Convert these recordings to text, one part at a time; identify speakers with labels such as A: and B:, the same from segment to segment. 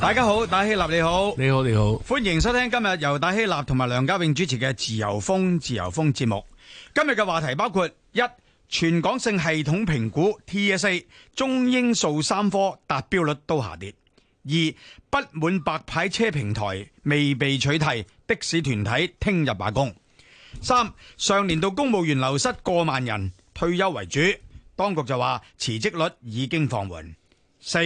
A: 大家好，戴希立你好，你好你好，歡迎收聽今日由戴希立同埋梁家永主持嘅自由風自由風節目。今日嘅話題包括：一、全港性系統評估 TSA 中英數三科達標率都下跌；二、不滿白牌車平台未被取締，的士團體聽日罷工；三、上年度公務員流失過萬人，退休為主，當局就話辭職率已經放緩；四。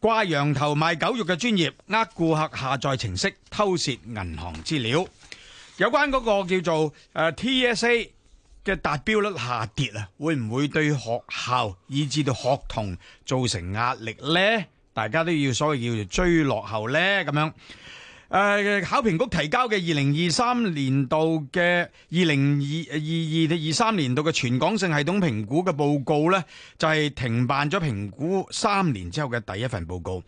A: 掛羊頭賣狗肉嘅專業，呃顧客下載程式偷竊銀行資料。有關嗰個叫做誒 TSA 嘅達標率下跌啊，會唔會對學校以至到學童造成壓力呢？大家都要所謂叫做追落後呢，咁樣。誒，考評局提交嘅二零二三年度嘅二零二二到二三年度嘅全港性系統評估嘅報告呢，就係停辦咗評估三年之後嘅第一份報告。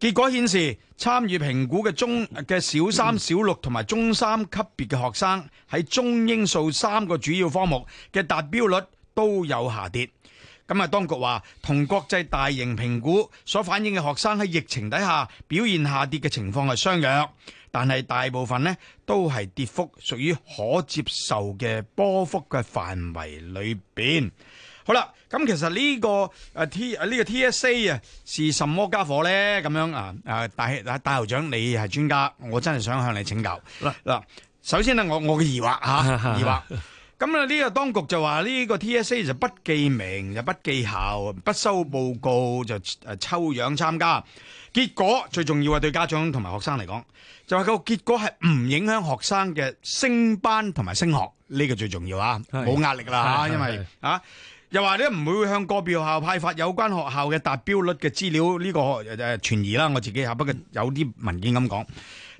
A: 結果顯示，參與評估嘅中嘅小三、小六同埋中三級別嘅學生，喺中英數三個主要科目嘅達標率都有下跌。咁啊，當局話同國際大型評估所反映嘅學生喺疫情底下表現下跌嘅情況係相若，但係大部分呢都係跌幅屬於可接受嘅波幅嘅範圍裏邊，嗯。好啦，咁其實呢、呢個誒、啊、T 呢、啊呢個 TSA 啊，是什麼傢伙呢？咁樣啊啊，大大校長，你係專家，我真係想向你請教。嗱嗱，首先呢，我我嘅疑惑嚇疑惑。疑惑 咁啊！呢個當局就話呢個 TSA 就不記名、就是、不記校、不收報告，就誒抽樣參加。結果最重要啊，對家長同埋學生嚟講，就話個結果係唔影響學生嘅升班同埋升學呢、這個最重要啊，冇壓力啦，吓，因為、啊、又話你唔會向個別學校派發有關學校嘅達標率嘅資料呢、這個誒傳疑啦，我自己吓，不過有啲文件咁講。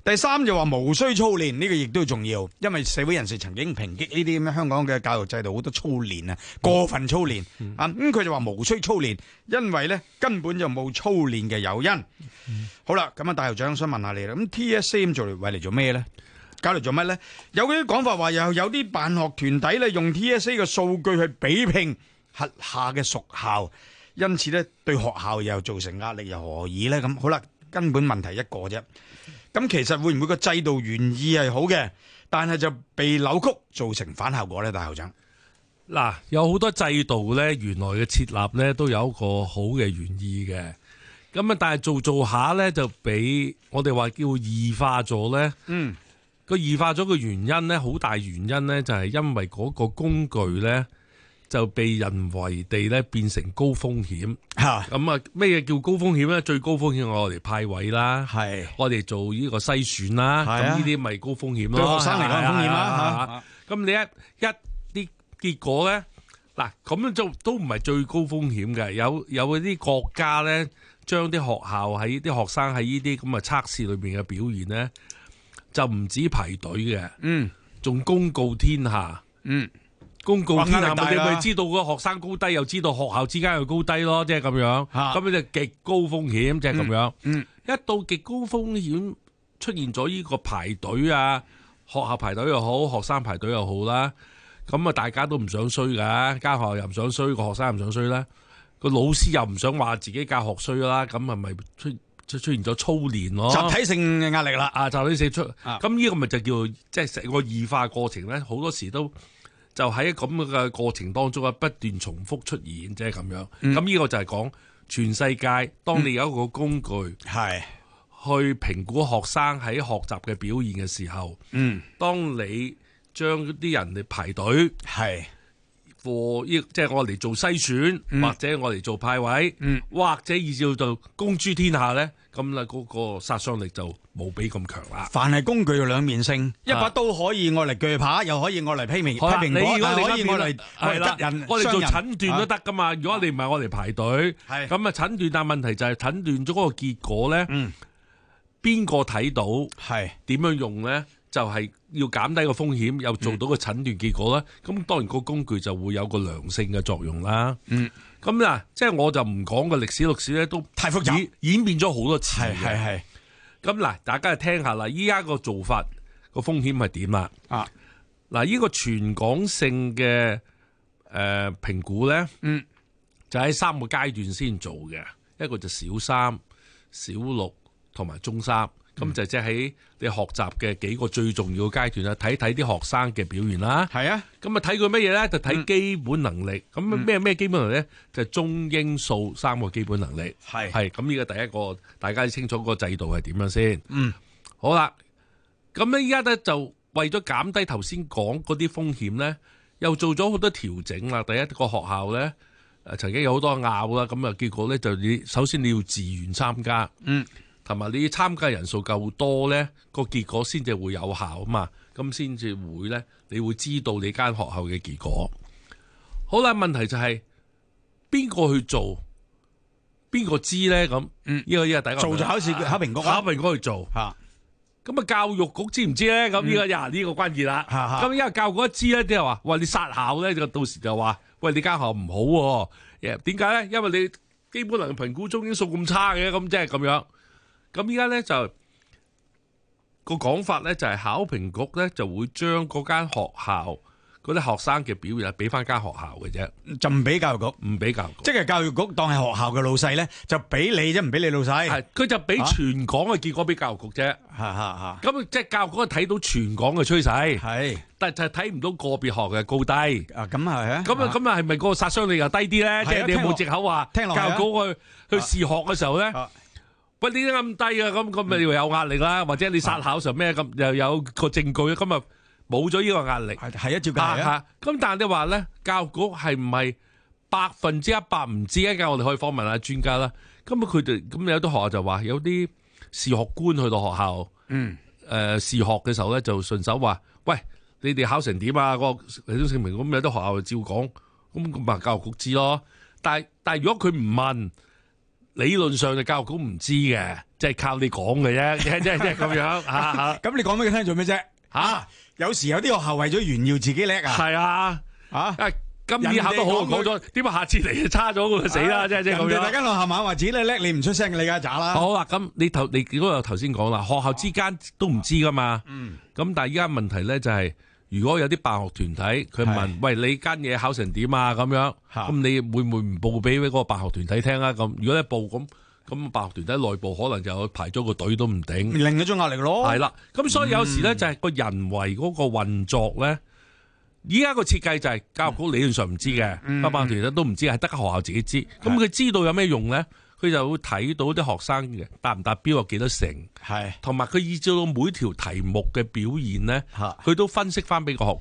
A: 第三就話無需操練呢個亦都重要，因為社會人士曾經抨擊呢啲咁嘅香港嘅教育制度好多操練啊，過分操練啊，咁佢就話無需操練，因為咧根本就冇操練嘅誘因。好啦，咁啊，戴校長想問下你啦，咁 TSA 做嚟為嚟做咩咧？搞嚟做乜咧？有啲講法話又有啲辦學團體咧用 TSA 嘅數據去比拼轄下嘅屬校，因此咧對學校又造成壓力又何以咧？咁好啦，根本問題一個啫。咁其實會唔會個制度原意係好嘅，但係就被扭曲造成反效果呢？大校長，
B: 嗱，有好多制度呢，原來嘅設立呢，都有一個好嘅原意嘅，咁啊，但係做做下呢，就俾我哋話叫異化咗呢。嗯，個異化咗個原因呢，好大原因呢，就係因為嗰個工具呢。就被人為地咧，變成高風險，咁啊，咩嘢叫高風險咧？最高風險我哋派位啦、啊，我哋做呢個篩選啦，咁呢啲咪高風險咯、啊。對學生嚟講係風險啦，咁、啊啊啊啊、你一一啲結果咧，嗱咁樣就都唔係最高風險嘅。有有啲國家咧，將啲學校喺啲學生喺呢啲咁嘅測試裏邊嘅表現咧，就唔止排隊嘅，嗯，仲公告天下，嗯。公告之下、啊啊，你咪知道個學生高低，又知道學校之間嘅高低咯，即係咁樣。咁咪、啊、就極高風險，即係咁樣、嗯嗯。一到極高風險出現咗呢個排隊啊，學校排隊又好，學生排隊又好啦。咁啊，大家都唔想衰噶，間學校又唔想衰，個學生又唔想衰啦，個老師又唔想話自己教學衰啦。咁啊，咪出出出現咗操練咯，集體性嘅壓力啦。啊，集體性出，咁呢個咪就叫即係成個異化過程咧。好多時都。就喺咁嘅過程當中啊，不斷重複出現，即係咁樣。咁呢個就係講全世界，當你有一個工具係去評估學生喺學習嘅表現嘅時候，嗯，當你將啲人哋排隊係。嗯課，即係我嚟做篩選，或者我嚟做派位，嗯嗯、或者以至到公諸天下咧，咁啦，嗰、那個殺傷力就冇比咁強啦。
A: 凡係工具嘅兩面性，啊、一把刀可以愛嚟鋸扒，又可以愛嚟批蘋、批蘋果。你如果可以愛嚟愛敵人、傷人、我哋做診斷都
B: 得噶嘛。如果你唔係我嚟排隊，咁啊診斷，但係問題就係診斷咗嗰個結果咧，邊個睇到，點、啊、樣用咧？就係、是，要減低個風險，又做到個診斷結果啦。咁、嗯、當然個工具就會有個良性嘅作用啦。嗯，咁嗱，即、就、係、是、我就唔講個歷史、歷史咧都太複雜，演變咗好多次。係係咁嗱，大家就聽下啦，依家個做法個風險係點啊？啊，嗱，呢個全港性嘅誒評估咧，嗯，就喺、是，三個階段先做嘅，一個就小三、小六同埋中三。咁、嗯、就即係喺你學習嘅幾個最重要嘅階段啦，睇睇啲學生嘅表現啦。係啊，咁啊睇佢乜嘢咧？就睇基本能力。咁咩咩基本能力呢？就係、中英數三個基本能力。係係咁呢個第一個，大家清楚個制度係點樣先。嗯，好啦，咁咧依家咧就為咗減低頭先講嗰啲風險咧，又做咗好多調整啦。第一個學校咧，誒、呃、曾經有好多拗啦，咁啊結果咧就你首先你要自願參加。嗯。同埋，你參加人數夠多咧，個結果先至會有效啊嘛。咁先至會咧，你會知道你間學校嘅結果。好啦，問題就係邊個去做？邊個知咧？咁呢個呢個第一個做就考試考評局，考評局去做嚇。咁啊，教育局知唔知咧？咁呢個呀，呢、嗯啊呢個關鍵啦。咁、啊啊、因為教育局知咧，啲人話喂你殺校咧，到時就話喂你間學校唔好喎、啊，點解咧？因為你基本能力評估中英數咁差嘅，咁即係咁樣。咁依家咧就、個講法咧就係、是、考評局咧就會將嗰間學校嗰啲學生嘅表現俾翻間學
A: 校嘅啫，就唔俾教育局，唔俾教育局，即、就、係、是、教育局當係學校嘅老細咧，就俾你啫，唔俾你老細，係佢就俾全港嘅結果俾、啊、教育局啫，吓吓吓，咁即係教育局
B: 睇到全港嘅趨勢，係，但係就睇唔到個別學嘅高低，啊，咁係啊，咁啊咁啊，係、啊、咪個殺傷力又低啲咧？即係、啊就是、你有冇藉口話聽教育局去去試、啊、學嘅時候咧？啊啊喂，點解咁低啊？咁咁咪有壓力啦，或者你殺考上咩咁，又有個證據，今日冇咗呢個壓力，係一照計。咁但係你話咧，教育局係唔係百分之一百唔知一咧？我哋可以訪問下專家啦。咁啊，佢哋咁有啲學校就話有啲視學官去到學校，嗯，誒、呃、視學嘅時候咧，就順手話，喂，你哋考成點啊？嗰、那個李忠勝明咁有啲學校就照講，咁咁咪教育局知咯。但係但係如果佢唔問。理論上就教育局唔知嘅，即、就、係、是、靠你講嘅啫，即係即係咁樣 啊！
A: 咁你講俾佢聽做咩啫？吓、 啊 啊，有時有啲學校為咗炫耀自己叻啊！係啊，啊！今年考得好，講咗，點解下次嚟就差咗？咁、啊、死啦！即係即係咁樣。家大家落下馬話自己叻，你唔出聲你家咋啦？好
B: 啦，咁、啊嗯啊、你頭你如果又頭先講啦，學校之間都唔知噶嘛。嗯。咁但係依家問題咧就係、是。如果有啲辦學團體，佢問：喂，你間嘢考成點啊？咁樣，咁你會唔會唔報俾嗰個辦學團體聽啊？咁，如果你報咁，咁辦學團體內部可能就排咗個隊都唔頂，另一種壓力咯。係啦，咁所以有時咧就係個人為嗰個運作咧，依家個設計就係教育局理論上唔知嘅，嗯嗯，辦學團體都唔知，係得間學校自己知。咁佢知道有咩用咧？佢就會睇到啲學生嘅達唔達標啊，幾多成？係，同埋佢依照到每條題目嘅表現咧，佢都分析翻俾個學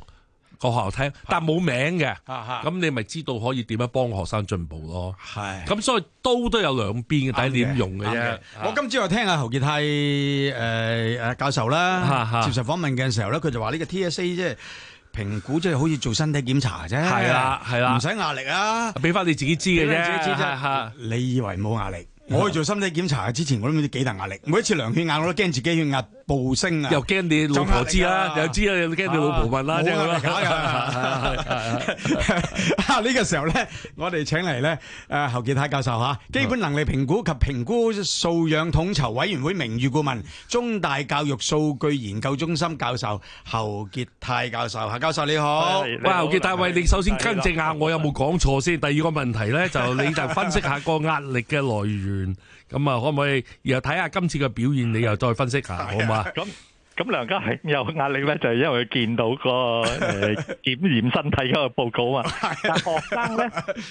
B: 個學校聽，但冇名嘅，咁你咪知道可以點樣幫學生進步咯。係，咁所以刀都有兩邊嘅，睇點用嘅啫、okay, okay. okay.
A: 啊。我今朝又聽阿侯傑泰、呃、教授啦接受訪問嘅時候咧，佢就話呢個 TSA 即評估即係好似做身體檢查啫，係啦係啦，唔使、啊、壓力啊！俾返你自己知嘅啫，係啊！你以為冇壓力？我去做身體檢查之前，我諗啲幾大壓力。每一次量血壓，我都驚自己血壓暴升啊！又驚你老婆知啦、啊，又知啦，又驚你老婆問啦，啊，呢個時候咧，我哋請嚟咧，誒、啊，侯傑泰教授吓，基本能力評估及評估素養統籌委員會名譽顧問，中大教育數據研究中心教授侯傑泰教授，侯教授你好。喂，呃、侯傑泰，喂，你首先跟正下、
B: 啊、我有冇講錯先？第二個問題咧，就你就分析下個壓力嘅來源。咁啊，可唔可以然後睇下今次嘅表現，你又再分析下好唔好啊？
C: 咁梁家係有壓力咧，就係因為佢見到個誒檢驗身體嗰個報告啊。但學生咧，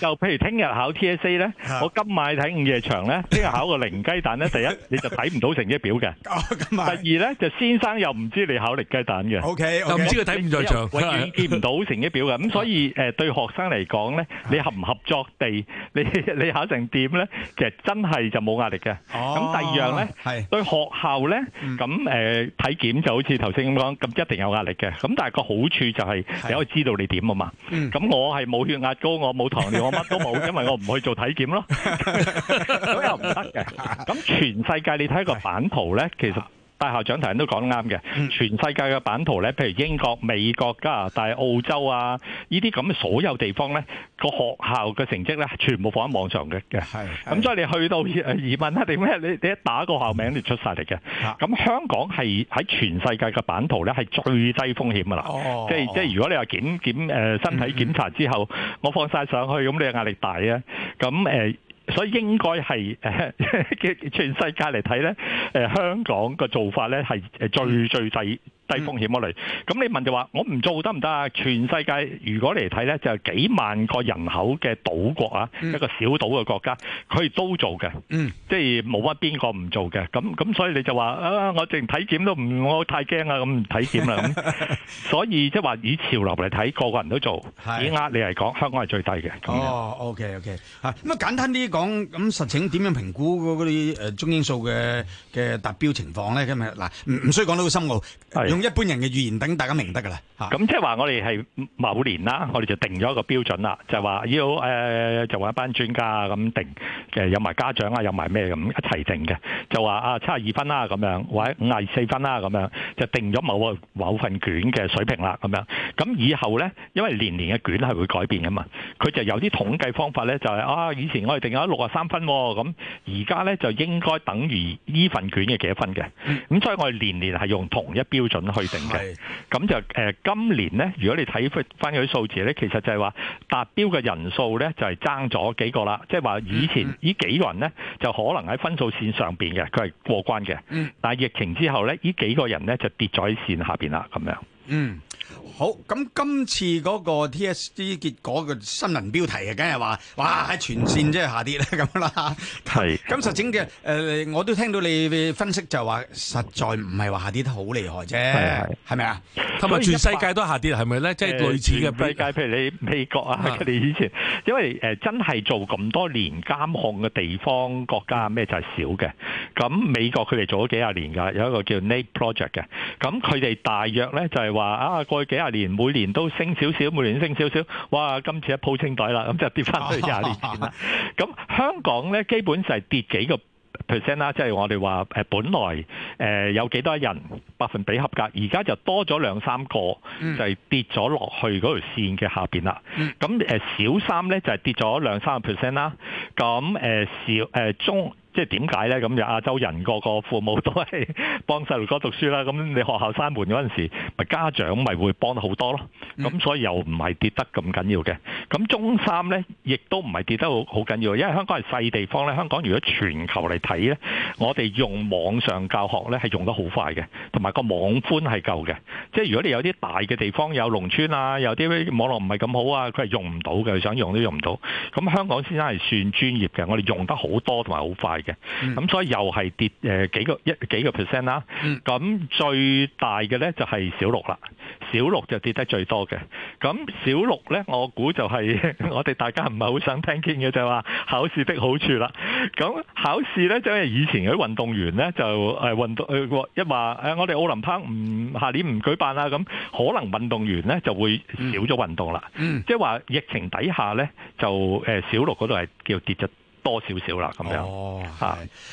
C: 又譬如聽日考 TSA 咧，我今晚睇午夜場咧，聽日考個零雞蛋咧，第一你就睇唔到成績表嘅。哦，咁啊。第二咧，就先生又唔知你考零雞蛋嘅。O K，又唔知佢睇午夜場，永遠見唔到成績表嘅。咁所以誒，對學生嚟講咧，你合唔合作地，你你考成點咧，其實真係就冇壓力嘅。哦。咁第二樣咧，對學校咧，咁誒體檢。咁就好似頭先咁講，咁一定有壓力嘅。咁但係個好處就係你可以知道你點啊嘛。咁我係冇血壓高，我冇糖尿，我乜都冇， 因為我唔去做體檢咯。咁又唔得嘅。咁全世界你睇一個版圖咧，其實。大校長頭人都講得啱嘅，全世界嘅版圖咧，譬如英國、美國、加拿大、澳洲啊，呢啲咁嘅所有地方咧，個學校嘅成績咧，全部放喺網上嘅。係，咁所以你去到疑問咧，點咩？你你一打個校名，你出晒嚟嘅。咁、嗯、香港係喺全世界嘅版圖咧，係最低風險噶啦。即係即係，如果你話檢檢誒身體檢查之後，我放晒上去，咁你壓力大啊？咁誒。呃所以應該係誒嘅全世界嚟睇咧，誒香港嘅做法咧係誒最最低低風險嗰類，咁你問就話我唔做得唔得啊？全世界如果嚟睇咧，就幾萬個人口嘅島國啊，一個小島嘅國家，佢都做嘅，即係冇乜邊個唔做嘅。咁咁所以你就話啊，我淨體檢都唔，我太驚啊咁體檢啦。咁所以即係話以潮流嚟睇，個個人都做，以壓力嚟講，香
A: 港係最低嘅。哦，OK OK，咁啊簡單啲講，咁實情點樣評估嗰嗰啲誒中英數嘅嘅達標情況咧？今日嗱，唔唔需要講到好深奧。用一般人嘅語言，等大家明得噶啦。
C: 咁即係話，我哋係某年啦，我哋就定咗一個標準啦，就話要誒，就揾一班專家咁定，誒有埋家長啊，有埋咩咁一齊定嘅，就話啊七十二分啦咁樣，或者五十四分啦咁樣，就定咗某個某份卷嘅水平啦咁樣。咁以後咧，因為年年嘅卷係會改變噶嘛，佢就有啲統計方法咧，就係啊，以前我哋定咗六十三分喎，咁而家咧就應該等於呢份卷嘅幾多分嘅。咁所以我哋年年係用同一標準，去定嘅，咁就誒，今年呢，如果你睇翻嗰啲數字呢，其實就係話達標嘅人數呢，就係爭咗幾個啦。即係話以前呢幾個人呢，就可能喺分數線上邊嘅，佢係過關嘅。嗯，但係疫情之後呢，呢幾個人呢，就跌咗喺線下
A: 邊啦，咁樣。嗯。好，咁今次嗰個 TSA 結果嘅新聞標題然啊，梗係話，哇喺全線即係下跌啦咁啦。係，咁實整嘅，誒，我都聽到你分析就話，實在唔係話下跌得好厲害啫，係咪啊？咁啊！全世界都下跌，係咪咧？即係類似嘅世界，譬如你美國啊，佢哋
C: 以前，因為誒真係做咁多年監控嘅地方國家，咩就係少嘅。咁美國佢哋做咗幾廿年㗎，有一個叫 NAEP Project 嘅。咁佢哋大約咧就係話啊，過去幾廿年每年都升少少，每年升少少。哇！今次一鋪清袋啦，咁就跌翻去廿年前啦。咁、啊啊、香港咧，基本就係跌幾個。percent 啦，即係我哋話誒，本來誒有幾多人百分比合格，而家就多咗兩三個，就係跌咗落去嗰條線嘅下邊啦。咁誒，小三咧就係跌咗兩三個 percent 啦。咁、啊、誒，小誒中。即係點解呢？咁嘅亞洲人個個父母都係幫細路哥讀書啦。咁你學校閂門嗰陣時，咪家長咪會幫得好多咯。咁所以又唔係跌得咁緊要嘅。咁中三呢，亦都唔係跌得好好緊要，因為香港係細地方咧。香港如果全球嚟睇呢，我哋用網上教學呢係用得好快嘅，同埋個網寬係夠嘅。即係如果你有啲大嘅地方，有農村啊，有啲網絡唔係咁好啊，佢係用唔到嘅，想用都用唔到。咁香港先生係算專業嘅，我哋用得好多同埋好快。嘅，咁所以又係跌誒幾個一幾個 percent 啦。咁最大嘅咧就係小六啦，小六就跌得最多嘅。咁小六咧，我估就係我哋大家唔係好想聽見嘅就係話考試的好處啦。咁考試咧，就係以前嗰啲運動員咧就誒運動，誒一話誒，我哋奧林匹克唔下年唔舉辦啦，咁可能運動員咧就會少咗運動啦。嗯，即係話疫情底下咧就誒小六嗰度係叫跌咗。多少
A: 少啦咁樣，咁、哦、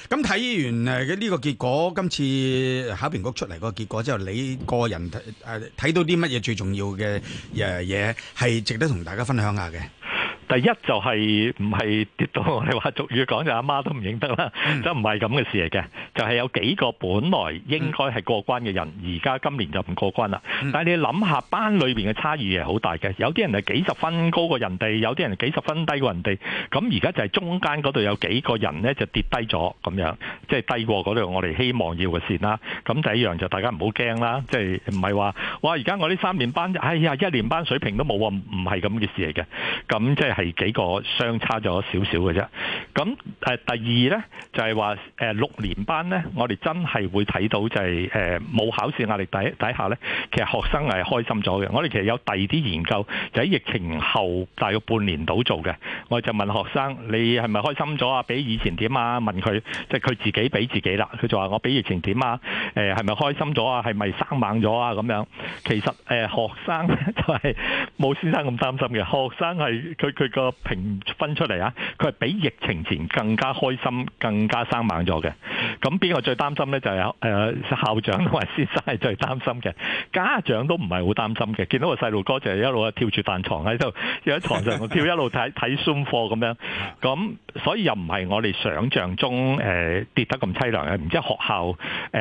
A: 咁睇完誒嘅呢個結果，今次考評局出嚟個結果之後，你個人睇、啊、到啲乜嘢最重要嘅嘢，係值得同大家分享下嘅？第一就係唔係跌到我哋話俗語講就阿媽都唔認得啦，即係
C: 唔係咁嘅事嚟嘅，就係有幾個本來應該係過關嘅人，而家今年就唔過關啦。但係你諗下班裏邊嘅差異係好大嘅，有啲人係幾十分高過人哋，有啲人幾十分低過人哋。咁而家就係中間嗰度有幾個人呢就跌低咗咁樣，即係低過嗰度我哋希望要嘅線啦。咁第一樣就大家唔好驚啦，即係唔係話哇而家我呢三年班，哎呀一年班水平都冇啊，唔係咁嘅事嚟嘅。咁即係。係幾個相差咗少少嘅啫。咁誒，第二咧就係話誒，六年班咧，我哋真係會睇到就係誒，冇考試壓力底底下咧，其實學生係開心咗嘅。我哋其實有第二啲研究，就喺疫情後大約半年度做嘅。我就問學生：你係咪開心咗啊？比以前點啊？問佢，即係佢自己比自己啦。佢就話：我比疫情點啊？誒，係咪開心咗啊？係咪生猛咗啊？咁樣。其實誒，學生咧就係冇先生咁擔心嘅。學生係佢佢。那個評分出嚟啊，佢係比疫情前更加開心、更加生猛咗嘅。咁邊個最擔心呢？就有、是、誒校長同埋先生係最擔心嘅。家長都唔係好擔心嘅。見到個細路哥就一路跳住彈床喺度，又喺床上度跳一，一路睇睇新課咁樣。咁所以又唔係我哋想象中誒、呃、跌得咁淒涼嘅。唔知學校誒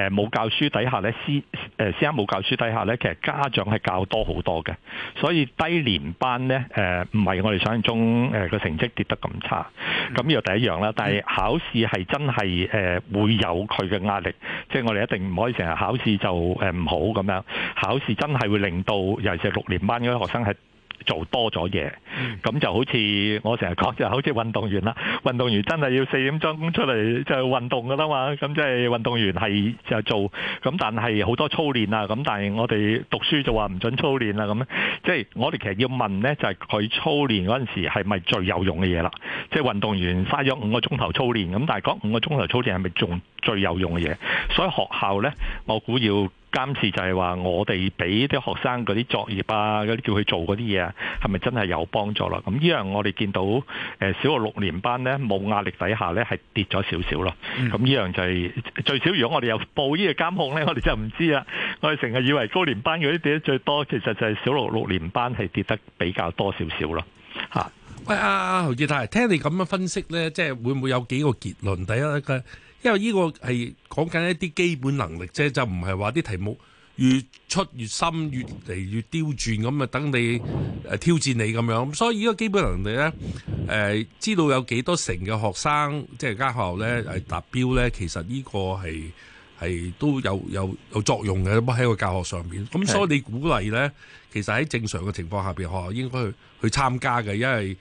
C: 冇、呃、教書底下呢，師誒師生冇教書底下呢，其實家長係教多好多嘅。所以低年班呢，誒唔係我哋想象中。嗯、呃，誒個成績跌得咁差，咁呢個第一樣啦。但係考試係真係誒、呃、會有佢嘅壓力，即係我哋一定唔可以成日考試就誒唔好咁樣。考試真係會令到尤其是六年班嗰啲學生係。做多咗嘢，咁就好似我成日講，就好似運動員啦。運動員真係要四點鐘出嚟就運動噶啦嘛。咁即係運動員係就做，咁但係好多操練啊。咁但係我哋讀書就話唔准操練啦。咁即係我哋其實要問咧，就係佢操練嗰陣時係咪最有用嘅嘢啦。即係運動員花咗五個鐘頭操練，咁但係講五個鐘頭操練係咪仲最有用嘅嘢？所以學校咧，我估要。監視就係話，我哋俾啲學生嗰啲作業啊，嗰啲叫佢做嗰啲嘢啊，係咪真係有幫助啦？咁呢樣我哋見到小學六年班呢，冇壓力底下呢係跌咗少少咯。咁、嗯、呢樣就係、是、最少，如果我哋有報呢個監控呢，我哋就唔知啦。 我哋成日以為高年班嗰啲跌得最多，其實就係小六六年班係跌得比較多少少咯。嚇！
B: 喂，阿侯傑泰，聽你咁樣分析呢，即係會唔會有幾個結論？第一個。因為呢個係講緊一啲基本能力啫，就唔係話啲題目越出越深，越嚟越刁鑽咁啊，等你挑戰你咁樣。所以呢個基本能力咧，誒、呃、知道有幾多成嘅學生即係間學校咧係達標咧，其實呢個係係都有有有作用嘅，喺個教學上面。咁所以你鼓勵咧，其實喺正常嘅情況下面，學校應該去去參加嘅，因為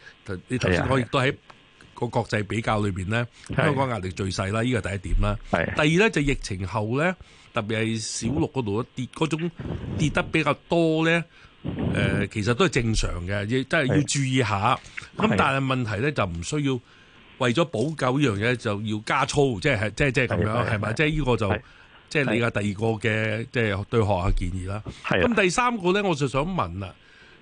B: 你頭先我亦都喺。個國際比較裏邊咧，香港壓力最細啦，呢個第一點啦。第二咧就是、疫情後咧，特別係小六嗰度跌嗰種跌得比較多咧，誒、呃、其實都係正常嘅，亦即係要注意一下。咁但係問題咧就唔需要為咗補救呢樣嘢就要加操。即係係即係即係咁樣係咪？即係呢個就即係、就是、你嘅第二個嘅即係對學校建議啦。咁第三個咧我就想問啦，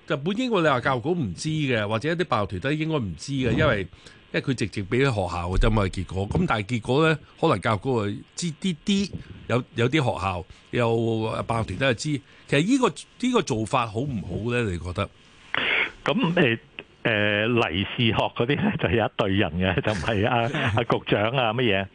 B: 就本應該你話教育局唔知嘅，或者一啲辦學團體應該唔知嘅、嗯，因為。因為佢直接俾咗學校嘅啫嘛，結果咁但係結果咧，可能教育局啊知啲啲有有啲學校有辦學團都係知，其實呢、呢個呢、呢個做法好唔好咧？你覺得？咁、嗯、誒。誒、呃，
C: 嚟視學嗰啲咧就有一隊人嘅，就唔係阿局長啊乜嘢，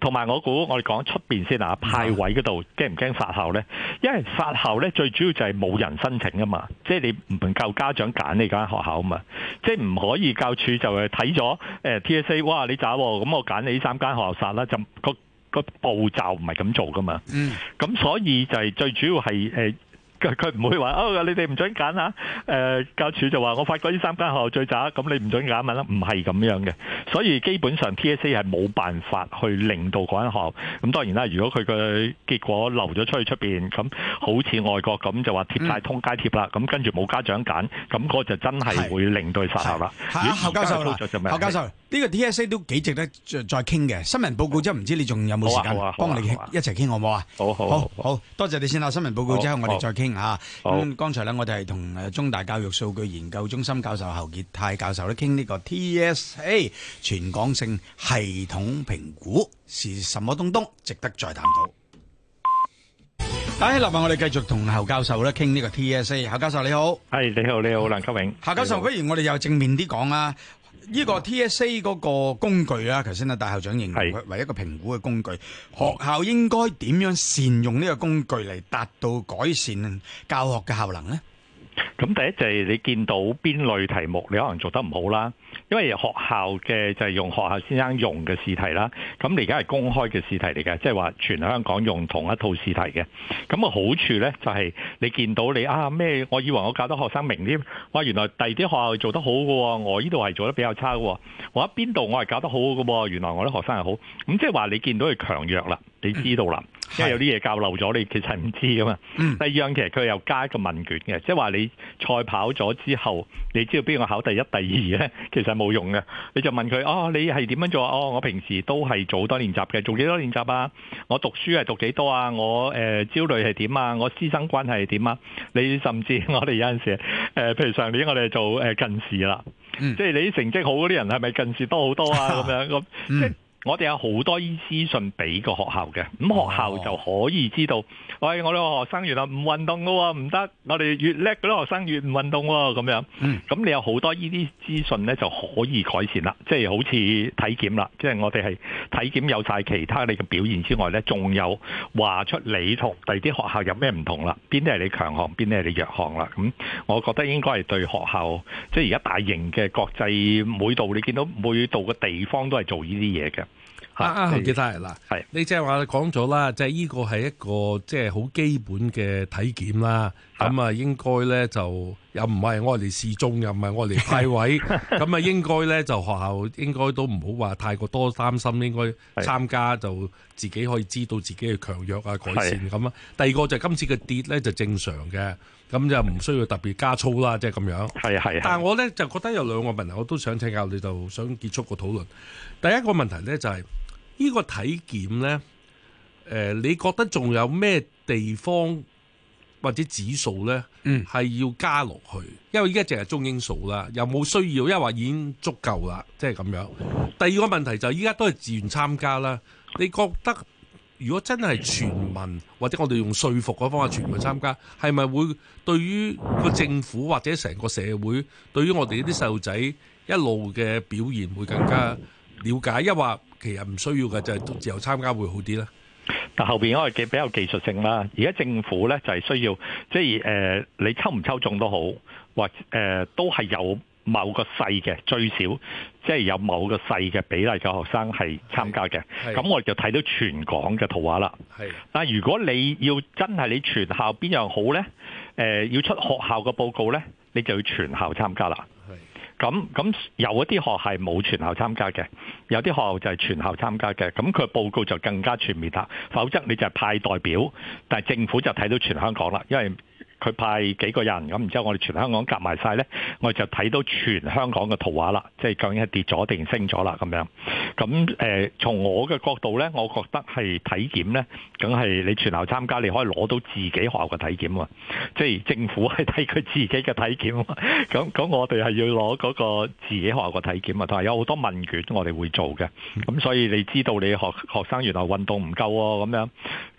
C: 同埋我估我哋講出邊先啊，派位嗰度驚唔驚殺校咧？因為殺校咧最主要就係冇人申請啊嘛，即係你唔能夠家長揀你間學校啊嘛，即係唔可以教處就係睇咗誒 TSA，哇你渣，咁我揀你三間學校殺啦，就個個步驟唔係咁做噶嘛。嗯，咁所以就係最主要係誒。呃佢唔會話哦，你哋唔准揀啊！誒教署就話我發覺呢三間學校最渣，咁你唔準揀啦，唔係咁樣嘅，所以基本上 T S A 係冇辦法去令到嗰間學校。咁當然啦，如果佢嘅結果流咗出去出邊，咁好似外國咁就話貼曬通街貼啦，咁、嗯、跟住冇家長揀，咁嗰就真係會令到佢殺校啦。係啊，侯教授，呢、這
A: 個 T S A 都幾值得再再傾嘅新聞報告，即係唔知你仲有冇時間幫你一齊傾好唔好啊？好好好，多謝你先啦，新聞報告之後我哋再傾。吓咁剛才咧，我哋係同誒中大教育數據研究中心教授侯傑泰教授咧，傾呢個 T S A 全港性系統評估是什麼東東，值得再探討。好，阿林立話，我哋繼續同侯教授咧傾呢個 T S A。侯教授你好，係你好，你好，林啟榮。侯教授，不如我哋又正面啲講啊。呢、這個 TSA 嗰個工具啦，頭先啊戴校長認為為一,一個評估嘅工具，學校應該點樣善用呢個工具嚟達到改善教學嘅效能咧？
C: 咁第一就係你見到邊類題目你可能做得唔好啦。因為學校嘅就係用學校先生用嘅試題啦，咁你而家係公開嘅試題嚟嘅，即係話全香港用同一套試題嘅。咁個好處呢，就係你見到你啊咩？我以為我教得學生明添，哇！原來第二啲學校做得好喎，我呢度係做得比較差喎。我喺邊度我係教得好喎。原來我啲學生係好。咁即係話你見到佢強弱啦，你知道啦。因為有啲嘢教漏咗，你其實唔知㗎嘛、嗯。第二樣其實佢又加一個問卷嘅，即係話你賽跑咗之後，你知道邊個考第一、第二咧，其實冇用嘅。你就問佢：哦，你係點樣做啊？哦，我平時都係做多練習嘅，做幾多練習啊？我讀書係讀幾多啊？我誒、呃、焦慮係點啊？我師生關係係點啊？你甚至我哋有陣時誒、呃，譬如上年我哋做近視啦、嗯，即係你成績好嗰啲人係咪近視多好多啊？咁 樣咁即、嗯我哋有好多資訊俾個學校嘅，咁學校就可以知道，oh. 喂，我哋個學生原來唔運動嘅喎，唔得，我哋越叻啲學生越唔運動喎，咁樣。咁你有好多呢啲資訊呢就可以改善啦，即係好似體檢啦，即係我哋係體檢有晒其他你嘅表現之外呢，仲有話出你同第二啲學校有咩唔同啦，邊啲係你強項，邊啲係你弱項啦。咁我覺得應該係對學校，即係而家大型嘅國際每度，你見到每度嘅地方都係做呢啲嘢嘅。啊啊，何傑太侯傑泰嗱，
B: 你即係話你講咗啦，即係呢個係一個即係好基本嘅體檢啦。咁啊，應該咧就又唔係我嚟示眾，又唔係我嚟派位。咁啊，應該咧就學校應該都唔好話太過多擔心，應該參加就自己可以知道自己嘅強弱啊、改善咁啊。第二個就今次嘅跌咧就正常嘅，咁就唔需要特別加操啦，即係咁樣。啊。但我咧就覺得有兩個問題，我都想請教你就想結束個討論。第一個問題咧就係、是。呢、這個體檢呢、呃，你覺得仲有咩地方或者指數呢？係、嗯、要加落去？因為依家淨係中英數啦，又沒有冇需要？因為話已經足夠啦，即係咁樣。第二個問題就依、是、家都係自願參加啦。你覺得如果真係全民或者我哋用說服嗰方法全民參加，係咪會對於個政府或者成個社會，對於我哋呢啲細路仔一路嘅表現會更加？了解，一話其實唔需要嘅，就係自由參加會好啲啦。但後
C: 邊我係技比較技術性啦。而家政府咧就係
B: 需要，即係
C: 誒你抽唔抽中都好，或誒、呃、都係有某個細嘅最少，即、就、係、是、有某個細嘅比例嘅學生係參加嘅。咁我哋就睇到全港嘅圖畫啦。係，但係如果你要真係你全校邊樣好咧，誒、呃、要出學校嘅報告咧，你就要全校參加啦。咁咁有嗰啲學校係冇全校參加嘅，有啲學校就係全校參加嘅，咁佢報告就更加全面啦。否則你就係派代表，但政府就睇到全香港啦，因為佢派幾個人咁，然之後我哋全香港夾埋晒呢，我就睇到全香港嘅圖畫啦，即係究竟係跌咗定升咗啦咁樣。咁、嗯、誒，從、呃、我嘅角度呢，我覺得係體檢呢，梗係你全校參加，你可以攞到自己學校嘅體檢、啊、即係政府係睇佢自己嘅體檢、啊，咁、嗯、咁我哋係要攞嗰個自己學校嘅體檢啊。同埋有好多問卷我哋會做嘅，咁、嗯、所以你知道你學，學生原來運動唔夠喎，咁樣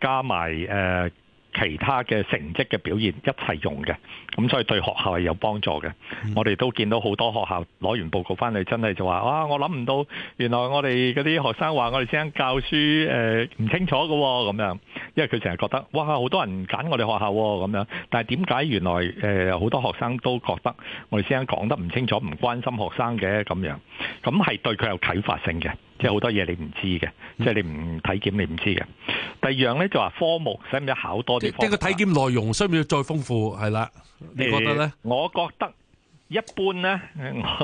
C: 加埋誒。呃其他嘅成績嘅表現一齊用嘅，咁所以對學校係有幫助嘅、嗯。我哋都見到好多學校攞完報告翻嚟，真係就話哇！我諗唔到，原來我哋嗰啲學生話我哋先生教書誒唔、呃、清楚嘅喎、哦，咁樣，因為佢成日覺得，哇！好多人揀我哋學校喎、哦，咁樣，但係點解原來誒好、呃、多學生都覺得我哋先生講得唔清楚，唔關心學生嘅咁樣，咁係對佢有啟發性嘅。即係好多嘢你唔知嘅、嗯，即係你唔體檢你唔知嘅。第二樣咧就話科目使唔使考多啲？即係、這個體檢內容需唔要再豐富？係啦，你覺得咧、呃？我覺得一般咧，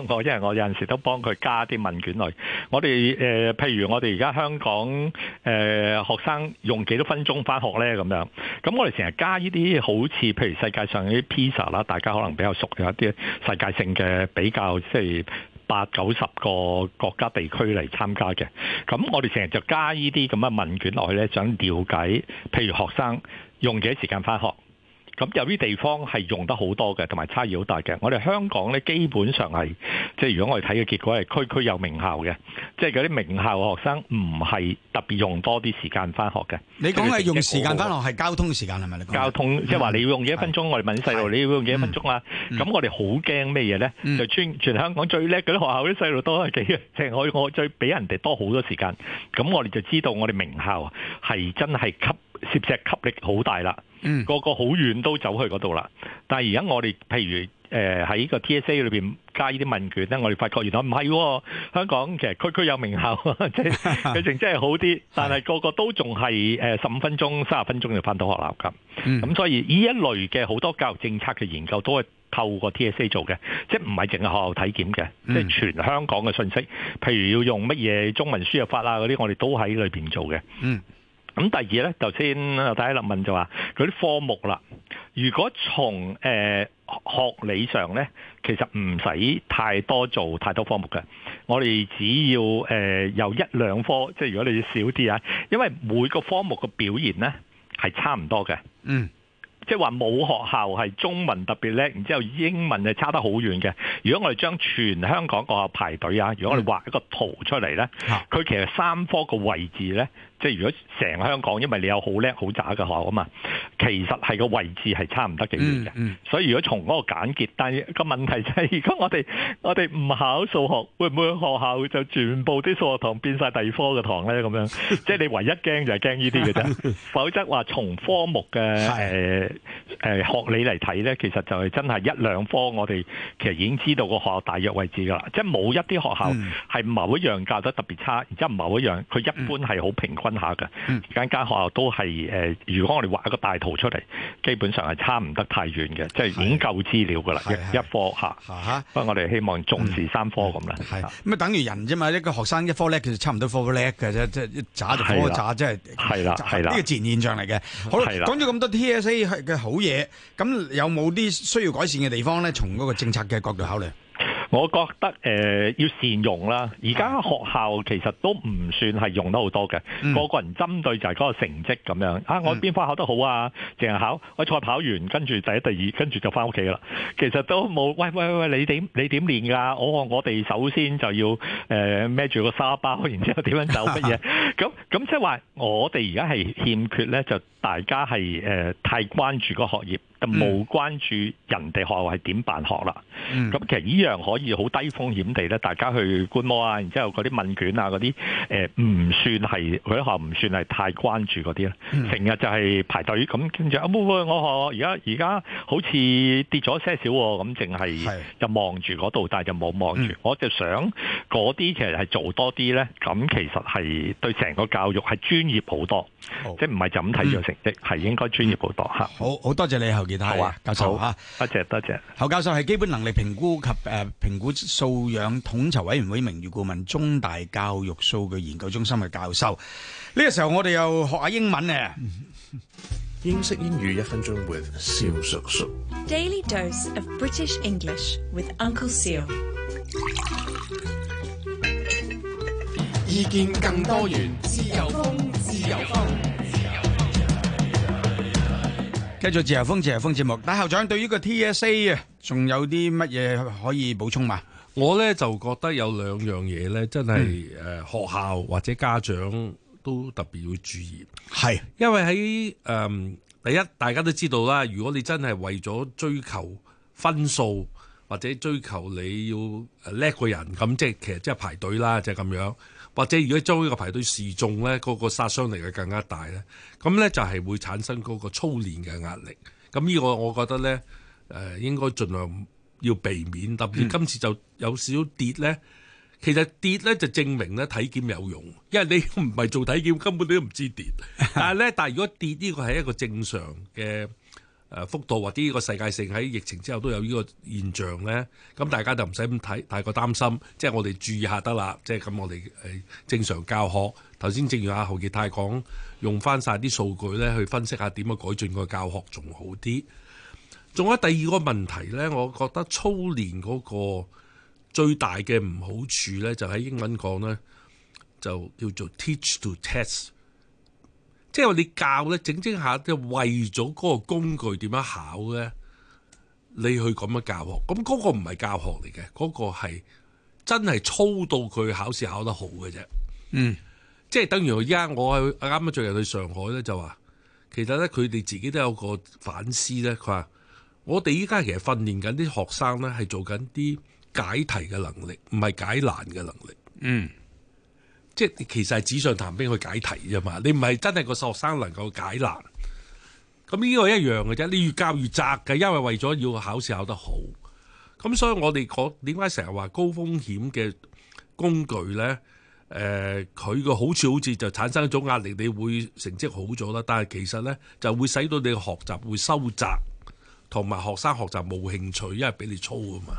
C: 我因為我有陣時都幫佢加啲問卷落去。我哋誒、呃、譬如我哋而家香港誒、呃、學生用幾多分鐘翻學咧咁樣？咁我哋成日加呢啲好似譬如世界上啲披薩啦，大家可能比較熟嘅一啲世界性嘅比較即係。八九十個國家地區嚟參加嘅，咁我哋成日就加呢啲咁嘅問卷落去咧，想了解，譬如學生用幾多時間返學。咁有啲地方係用得好多嘅，同埋差異好大嘅。我哋香港咧，基本上係即係如果我哋睇嘅結果係區區有名校嘅，即係嗰啲名校嘅學生唔係特別用多啲時間翻學嘅。你講係用時間翻
A: 學係交通時間係咪？你
C: 交通係咪你、嗯、即係話你要用幾多分鐘，我哋問細路你要用幾多分鐘啦。咁我哋好驚咩嘢咧？就全，全香港最叻嗰啲學校啲細路多係幾啊？即係可以我再畀人哋多好多時間。咁我哋就知道我哋名校係真係吸。涉攝石吸力好大啦，個個好遠都走去嗰度啦。但係而家我哋譬如誒喺個 TSA 裏面加呢啲問卷咧，我哋發覺原來唔係喎，香港其實區區有名校， 即係佢成績係好啲，但係個個都仲係誒十五分鐘、三十分鐘就翻到學校㗎。咁、嗯、所以呢一類嘅好多教育政策嘅研究都係透過 TSA 做嘅，即係唔係淨係學校體檢嘅、嗯，即係全香港嘅信息。譬如要用乜嘢中文輸入法啊嗰啲，我哋都喺裏面做嘅。嗯。咁第二咧，頭先第一粒問就話嗰啲科目啦。如果從誒、呃、學理上咧，其實唔使太多做太多科目嘅。我哋只要誒、呃、有一兩科，即係如果你要少啲啊，因為每個科目嘅表現咧係差唔多嘅。嗯。即係話冇學校係中文特別叻，然之後英文係差得好遠嘅。如果我哋將全香港學校排隊啊，如果我哋畫一個圖出嚟咧，佢、嗯、其實三科嘅位置咧，即係如果成香港，因為你有好叻好渣嘅學校啊嘛，其實係個位置係差唔得幾遠嘅。所以如果從嗰個簡潔，但係個問題就係、是，如果我哋我哋唔考數學，會唔會學校就全部啲數學堂變晒第二科嘅堂咧？咁樣， 即係你唯一驚就係驚呢啲嘅啫。否則話從科目嘅。 誒，學理嚟睇咧，其實就係真係一兩科，我哋其實已經知道個學校大約位置噶啦。即係冇一啲學校係某一樣教得特別差，嗯、而家某一樣佢一般係好平均下嘅。間間學校都係誒、呃，如果我哋畫一個大圖出嚟，基本上係差唔得太遠嘅，即係已經夠資料噶啦，一科吓。不、啊、過我哋希望重視三科咁啦。
A: 咁、嗯、等於人啫嘛，一個學生一科叻，其實差唔多科叻嘅啫，即係渣就科渣，即係係啦係啦，呢個自然現象嚟嘅。好啦，講咗咁多 TSA 嘅好嘢，咁有冇啲需要改善嘅地方呢？從嗰個政策嘅角度考慮，我覺得誒、
C: 呃、要善用啦。而家學校其實都唔算係用得好多嘅，個、嗯個人針對就係嗰個成績咁樣啊。我邊科考得好啊，淨、嗯、係考我賽跑完，跟住第一第二，跟住就翻屋企啦。其實都冇，喂喂喂，你點你點練㗎？我我哋首先就要誒孭住個沙包，然之後點樣走乜嘢？咁咁即係話我哋而家係欠缺呢就。大家係、呃、太關注個學業，就、嗯、冇關注人哋學校係點辦學啦。咁、嗯、其實依樣可以好低風險地咧，大家去觀摩啊，然之後嗰啲問卷啊嗰啲唔算係佢、嗰個、學校唔算係太關注嗰啲。成日就係排隊咁，跟住啊冇，我學而家而家好似跌咗些少喎，咁淨係就望住嗰度，但係就冇望住。我就想嗰啲其實係做多啲咧，咁其實係對成個教育係專業好多，好即唔係就咁睇咗成。亦係應該專業報導嚇，好
A: 好多謝你侯
C: 傑泰教授嚇、啊，多謝多謝。
A: 侯教授係基本能力評估及誒評估素養統籌委員會名譽顧問，中大教育數據研究中心嘅教授。呢、這個時候我哋又學下英文咧，英式英語一分鐘，with 肖叔叔。Daily dose of British English with Uncle Siu。意見更多元，自由風，自由風。繼續自由風自由風節目，大校長對於個 TSA 啊，仲有啲乜嘢可以補充嘛？我咧就覺得
B: 有兩樣嘢咧，真係誒、嗯呃，學校或者家長都特別要注意。係，因為喺誒、呃、第一，大家都知道啦，如果你真係為咗追求分數或者追求你要叻個人，咁即係其實即係排隊啦，就咁樣。或者如果將呢個排隊示眾咧，嗰、那個殺傷力嘅更加大咧，咁咧就係會產生嗰個操練嘅壓力。咁呢個我覺得咧，誒、呃、應該儘量要避免。特別今次就有少少跌咧，其實跌咧就證明咧體檢有用，因為你唔係做體檢根本你都唔知跌。但係咧，但係如果跌呢個係一個正常嘅誒、啊、幅度或者呢個世界性喺疫情之後都有呢個現象呢，咁大家就唔使咁睇太過擔心，即係我哋注意一下得啦，即係咁我哋誒正常教學。頭先正如阿侯傑泰講，用翻晒啲數據呢去分析一下點樣改進個教學仲好啲。仲有第二個問題呢，我覺得操練嗰個最大嘅唔好處呢，就喺英文講呢，就叫做 teach to test。即係你教咧，整整下即係為咗嗰個工具點樣考咧，你去咁樣教學，咁嗰個唔係教學嚟嘅，嗰個係真係操到佢考試考得好嘅啫。嗯，即係等於我依家我啱啱最近去上海咧，就話其實咧佢哋自己都有個反思咧。佢話我哋依家其實訓練緊啲學生咧，係做緊啲解題嘅能力，唔係解難嘅能力。嗯。即係其實係紙上談兵去解題啫嘛，你唔係真係個學生能夠解難。咁呢個一樣嘅啫，你越教越窄嘅，因為為咗要考試考得好。咁所以我哋講，點解成日話高風險嘅工具呢？誒、呃，佢個好處好似就產生一種壓力，你會成績好咗啦。但係其實呢，就會使到你嘅學習會收窄，同埋學生學習冇興趣，因為俾你操啊嘛。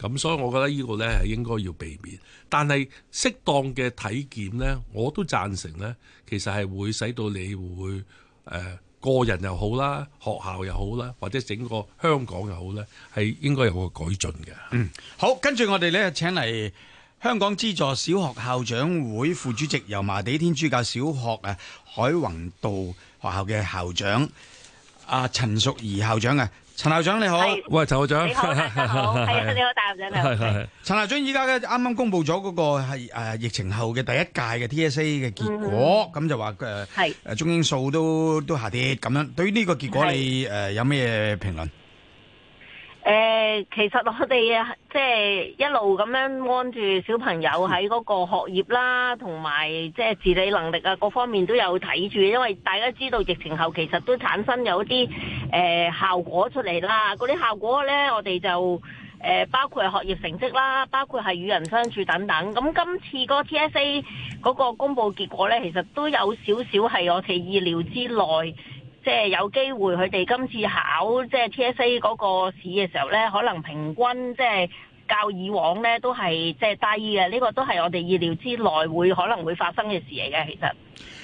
B: 咁所以，我覺得呢個咧係應該要避免。但係適當嘅體檢咧，我都贊成咧。其實係會使到你會誒、呃、個人又好啦，學校又好啦，或者整個
A: 香港又好咧，係應該有個改進嘅。嗯，好，跟住我哋咧請嚟香港資助小學校長會副主席，油麻地天主教小學誒、啊、海宏道學校嘅校長阿陳、啊、淑儀校長啊。陳校長你好，喂，陳校長，你好，係啊、嗯， 你好，大校長你好。陳校長依家嘅啱啱公布咗嗰、那個係誒、啊、疫情後嘅第一屆嘅 TSA 嘅結果，咁、嗯、就話誒，係、啊、誒中英數都都下跌，咁樣。對於呢個結果，你誒、呃、有咩評論？
D: 誒、呃，其實我哋啊，即係一路咁樣安住小朋友喺嗰個學業啦，同埋即係自理能力啊，各方面都有睇住。因為大家知道疫情後其實都產生有啲誒、呃、效果出嚟啦。嗰啲效果咧，我哋就誒、呃、包括係學業成績啦，包括係與人相處等等。咁今次個 TSA 嗰個公布結果咧，其實都有少少係我哋意料之內。即係有機會，佢哋今次考即係 TSA 嗰個試嘅時候呢，可能平均即係較以往呢都係即係低嘅，呢個都係我哋意料之內會可能會發生嘅事嚟嘅，其實。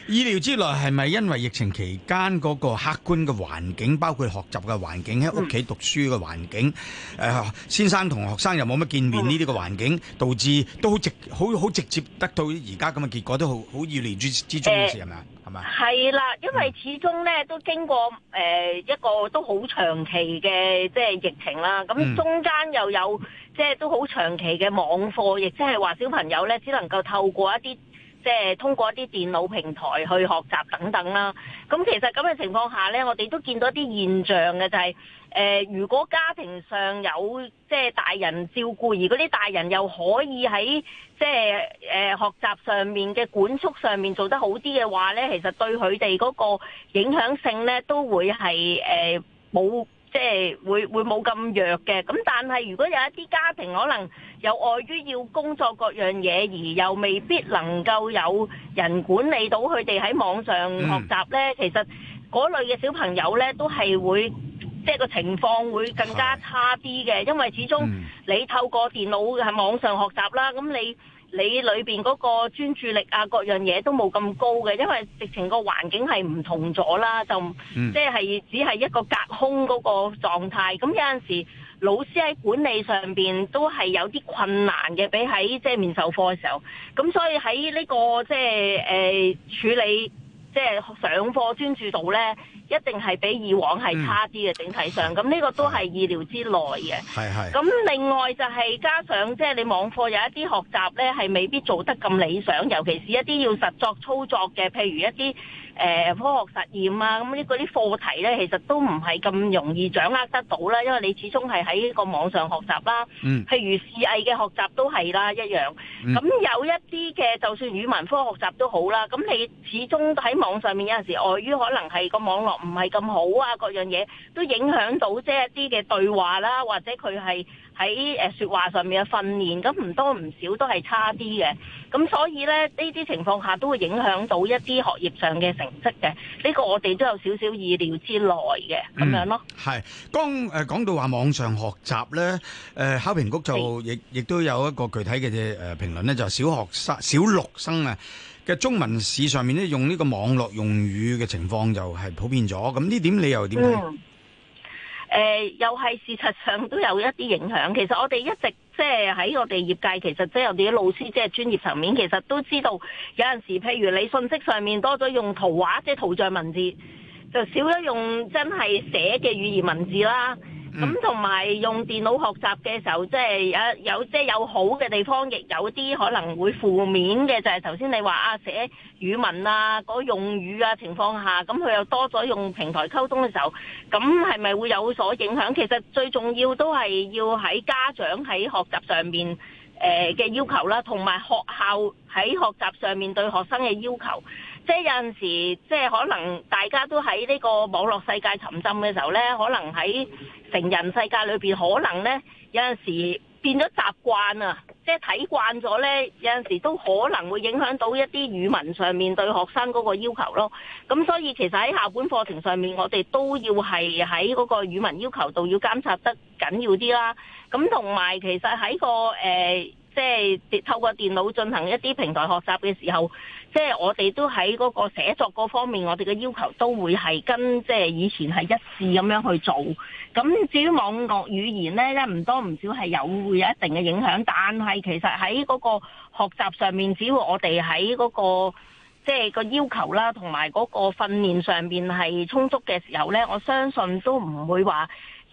A: 意料之內，係咪因為疫情期間嗰個客觀嘅環境，包括學習嘅環境、喺屋企讀書嘅環境，環境嗯呃、先生同學生又冇乜見面呢啲嘅環境，導致都好直好好直接得到而家咁嘅結果，都好好意料之之中嘅事，係咪啊？係咪？
D: 係啦、嗯，因為始終咧都經過誒一個都好長期嘅即係疫情啦，咁中間又有即係都好長期嘅網課，亦即係話小朋友咧只能夠透過一啲。即係通過一啲電腦平台去學習等等啦，咁其實咁嘅情況下呢，我哋都見到啲現象嘅就係，誒如果家庭上有即係大人照顧，而嗰啲大人又可以喺即係誒學習上面嘅管束上面做得好啲嘅話呢，其實對佢哋嗰個影響性呢，都會係誒冇。即係會會冇咁弱嘅，咁但係如果有一啲家庭可能又礙於要工作各樣嘢，而又未必能夠有人管理到佢哋喺網上學習呢，其實嗰類嘅小朋友呢都係會，即係個情況會更加差啲嘅，因為始終你透過電腦喺網上學習啦，咁你。你裏邊嗰個專注力啊，各樣嘢都冇咁高嘅，因為直情個環境係唔同咗啦，就即係只係一個隔空嗰個狀態。咁有陣時老師喺管理上邊都係有啲困難嘅，比喺即係面授課嘅時候。咁所以喺呢個即係誒處理即係上課專注度咧。一定係比以往係差啲嘅，嗯，整體上咁呢個都係意料之內嘅。係咁另外就係，係，加上即係你網課有一啲學習咧係未必做得咁理想，尤其是一啲要實作操作嘅，譬如一啲。誒科學實驗啊，咁呢嗰啲課題呢，其實都唔係咁容易掌握得到啦，因為你始終係喺個網上學習啦。嗯。譬如視藝嘅學習都係啦一樣。咁有一啲嘅，就算語文科學習都好啦，咁你始終喺網上面有陣時，礙於可能係個網絡唔係咁好啊，各樣嘢都影響到即係一啲嘅對話啦，或者佢係。喺誒說話上面嘅訓練，咁唔多唔少都係差啲嘅，咁所以咧呢啲情況下都會影響到一啲學業上嘅成績嘅，呢、這個我哋都有少少意料之內嘅咁樣咯。係剛
A: 誒講到話網上學習咧，誒考評局就亦亦都有一個具體嘅誒評論咧，就是、小學小陸生小六生啊嘅中文試上面咧，用呢個網絡用語嘅情況就係普遍咗，咁呢點你又點睇？嗯
D: 誒、呃、又係事實上都有一啲影響。其實我哋一直即係喺我哋業界，其實即係我哋啲老師，即係專業層面，其實都知道有陣時，譬如你信息上面多咗用圖畫，即係圖像文字，就少咗用真係寫嘅語言文字啦。咁同埋用電腦學習嘅時候，即係有有即係有好嘅地方，亦有啲可能會負面嘅，就係頭先你話啊寫語文啊嗰用語啊情況下，咁佢又多咗用平台溝通嘅時候，咁係咪會有所影響？其實最重要都係要喺家長喺學習上面呃嘅要求啦，同埋學校喺學習上面對學生嘅要求。即係有陣時，即係可能大家都喺呢個網絡世界沉浸嘅時候咧，可能喺成人世界裏面，可能咧有陣時變咗習慣啊！即係睇慣咗咧，有陣時都可能會影響到一啲語文上面對學生嗰個要求咯。咁所以其實喺校本課程上面，我哋都要係喺嗰個語文要求度要監察得緊要啲啦。咁同埋其實喺個誒。呃即係透過電腦進行一啲平台學習嘅時候，即係我哋都喺嗰個寫作嗰方面，我哋嘅要求都會係跟即係以前係一致咁樣去做。咁至於網絡語言咧，唔多唔少係有會有一定嘅影響，但係其實喺嗰個學習上面，只要我哋喺嗰個即係個要求啦，同埋嗰個訓練上面係充足嘅時候咧，我相信都唔會話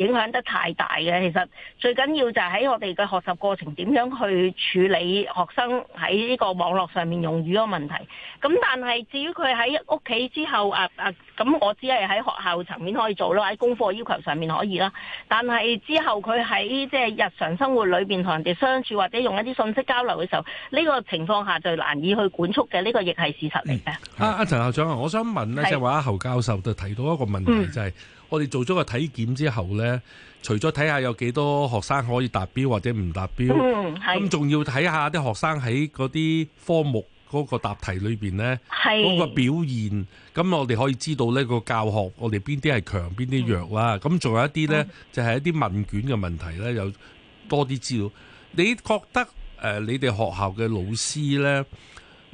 D: 影響得太大嘅，其實最緊要就係喺我哋嘅學習過程點樣去處理學生喺呢個網絡上面用語個問題。咁但係至於佢喺屋企之後啊啊～啊咁我只係喺學校層面可以做咯，喺功課要求上面可以啦。但係之後佢喺即係日常生活裏面同人哋相處或者用一啲信息交流嘅時候，呢、這個情況下就難以去管束嘅，呢、這個亦係事實嚟
B: 嘅、嗯。啊，陳校長，我想問呢，即係話侯教授就提到一個問題，就係、是、我哋做咗個體檢之後呢、嗯，除咗睇下有幾多學生可以達標或者唔達標，咁、嗯、仲要睇下啲學生喺嗰啲科目。嗰個答題裏邊呢，嗰個表現咁，我哋可以知道呢個教學我哋邊啲係強邊啲弱啦。咁仲有一啲呢，就係一啲問卷嘅問題呢，有多啲資料。你覺得誒，你哋學校嘅老師呢，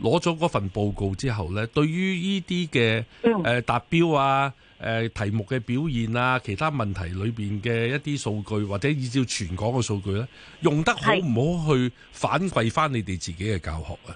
B: 攞咗嗰份報告之後呢，對於呢啲嘅，誒達標啊，誒題目嘅表現啊，其他問題裏邊嘅一啲數據，或者依照全港嘅數據呢，用得好唔好去反饋翻你哋自己嘅教學啊？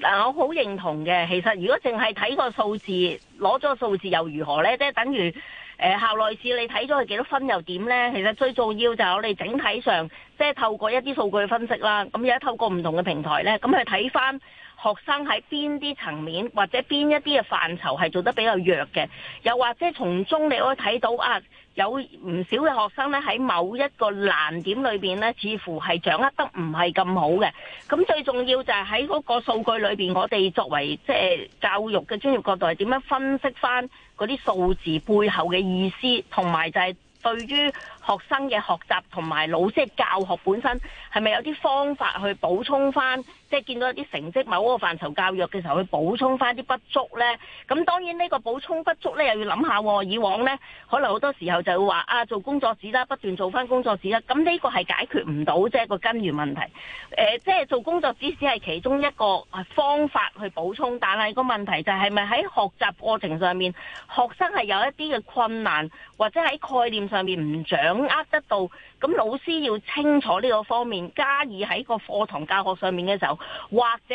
D: 嗱，我好認同嘅。其實，如果淨係睇個數字，攞咗個數字又如何呢？即係等於校內試，你睇咗佢幾多分又點呢？其實最重要就係我哋整體上，即係透過一啲數據分析啦。咁而家透過唔同嘅平台呢，咁去睇翻學生喺邊啲層面或者邊一啲嘅範疇係做得比較弱嘅，又或者從中你可以睇到啊。有唔少嘅學生咧，喺某一個難點裏邊，咧，似乎係掌握得唔係咁好嘅。咁最重要就係喺嗰個數據裏邊，我哋作為即係教育嘅專業角度，係點樣分析返嗰啲數字背後嘅意思，同埋就係對於，學生嘅學習同埋老師嘅教學本身係咪有啲方法去補充翻？即係見到一啲成績某個範疇教育嘅時候，去補充翻啲不足呢？咁當然呢個補充不足呢，又要諗下、哦、以往呢，可能好多時候就會話啊，做工作紙啦，不斷做翻工作紙啦。咁呢個係解決唔到即係個根源問題。誒、呃，即係做工作紙只係其中一個方法去補充，但係個問題就係咪喺學習過程上面，學生係有一啲嘅困難，或者喺概念上面唔掌握？掌握得到，咁老師要清楚呢個方面，加以喺個課堂教學上面嘅時候，或者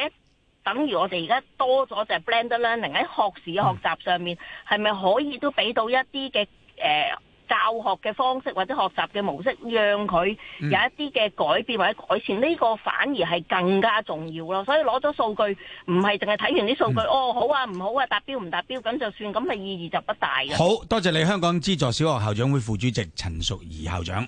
D: 等於我哋而家多咗隻 blended learning 喺學時學習上面，係咪可以都俾到一啲嘅誒？教學嘅方式或者學習嘅模式，讓佢有一啲嘅改變或者改善，呢、這個反而係更加重要咯。所以攞咗數據，唔係淨係睇完啲數據，嗯、哦好啊唔好啊達標唔達標咁就算，咁咪意義就不大嘅。好
A: 多謝你，香港資助小學校長會副主席陳淑儀校長。